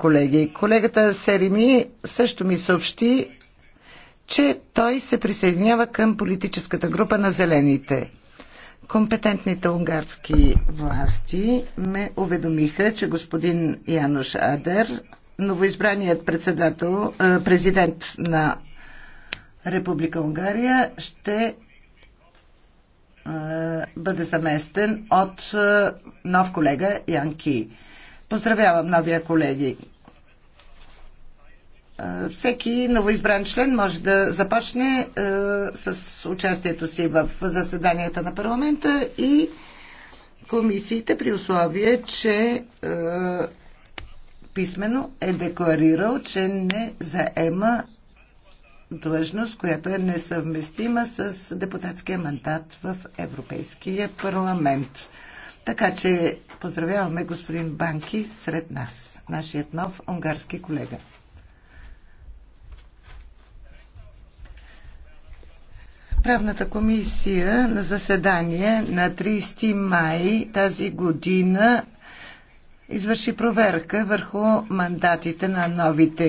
колеги. Колегата Серими също ми съобщи, че той се присъединява към политическата група на зелените. Компетентните унгарски власти ме уведомиха, че господин Януш Адер, новоизбраният председател, е, президент на Република Унгария, ще е, бъде заместен от е, нов колега Янки. Поздравявам новия колеги. Всеки новоизбран член може да започне с участието си в заседанията на парламента и комисиите при условие, че писменно е декларирал, че не заема длъжност, която е несъвместима с депутатския мандат в Европейския парламент. Така че Поздравяваме господин Банки сред нас, нашият нов унгарски колега. Правната комисия на заседание на 30 май тази година извърши проверка върху мандатите на новите